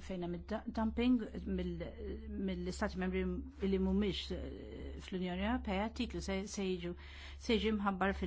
fejna mid dumping mill-Istati Membri li mumiex eh, fl-Unjoni Europea, titlu se se jiġu mħabbar fil-